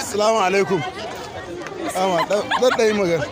Assalamu alaikum. Ama dan dai magana.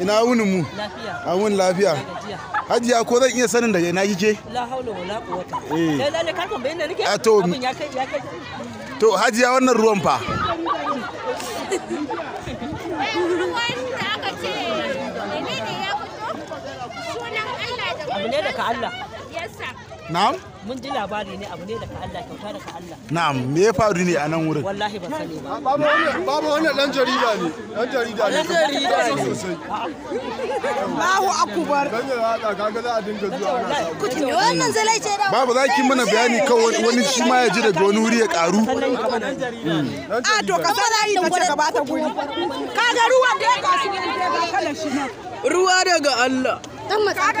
Ina wunin mu? Lafiya. A wun lafiya. ko zan iya sanin daga ina kike? La haula wala quwwata. Eh. kan bayyana nake. A to. To wannan ruwan fa. Abu ne daga Allah. na'am mun ji labari ne abu ne daga Allah kyauta daga Allah na'am me ya faru ne a nan wurin wallahi ba sani ba babu wannan babu wannan dan jarida ne dan jarida ne dan jarida ne sosai Allahu akbar dan jarida kaga za a dinga zuwa ana wannan zalai ce da babu zaki mana bayani kan wani shi ma ya ji daga wani wuri ya karu hmm. a to ka fara yi ta ka bata guri kaga ruwa da ya kasu ne ba kala shi ruwa daga Allah dan matsaka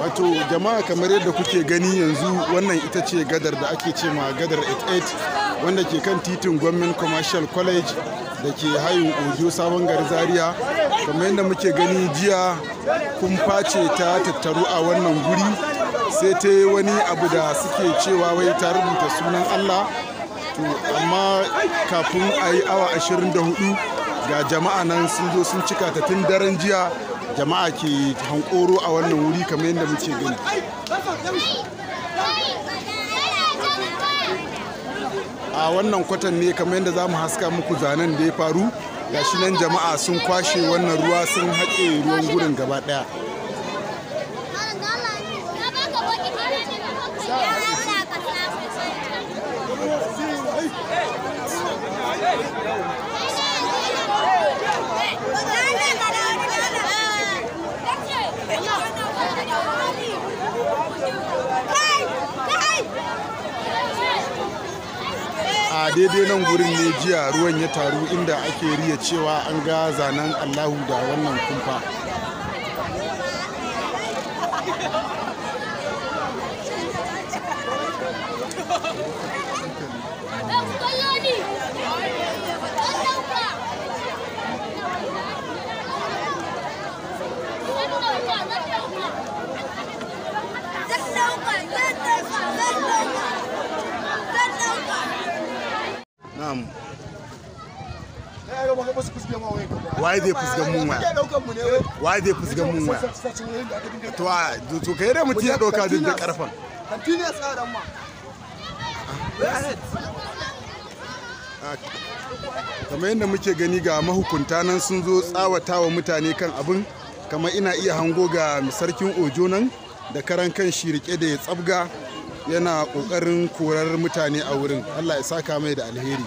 wato jama'a kamar yadda kuke gani yanzu wannan ita ce gadar da ake ce ma gadar 88 wanda ke kan titin gwamnan commercial college da ke hayin ojo sabon gari zaria kamar yadda muke gani jiya kun face ta tattaru a wannan guri sai ta yi wani abu da suke cewa wai ta rubuta sunan allah to amma kafin a yi awa 24 ga jama'a nan sun zo sun cika ta tun daren jiya jama'a ke hankoro a wannan wuri kamar yadda muke gani a wannan kwatan ne kamar yadda za mu haska muku zanen da ya faru gashi nan jama'a sun kwashe wannan ruwa sun haƙe ruwan gurin gaba ɗaya daidai nan gurin ne jiya ruwan ya taru inda ake riya cewa an ga zanen allahu da wannan kumfa na'am waye zai fusgan mun waya waye zai fusgan mun waya to a to kai da mutum ya dauka da karfan kantine tsaran ma kamar yadda muke gani ga mahukunta nan sun zo tsawata wa mutane kan abin kamar ina iya hango ga sarkin ojo nan da karan kan shi rike da ya tsabga yana ƙoƙarin korar mutane a wurin allah ya saka mai da alheri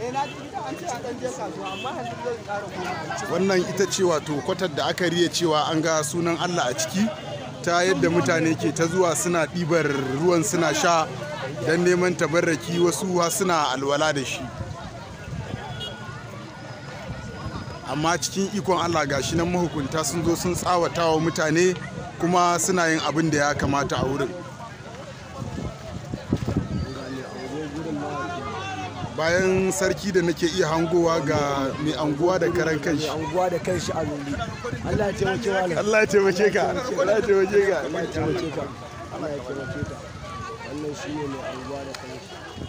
eh, wannan ita ce wato kwatar da aka riya cewa an ga sunan allah a ciki ta yadda mutane ke ta zuwa suna ɗibar ruwan suna sha don neman tabarraki wasu suna alwala da shi amma cikin ikon allah gashi nan mahukunta sun zo sun tsawata wa mutane kuma suna yin abin da ya kamata a wurin bayan sarki da nake iya hangowa ga mai anguwa da karan kanshi a Allah ya taimake ka shi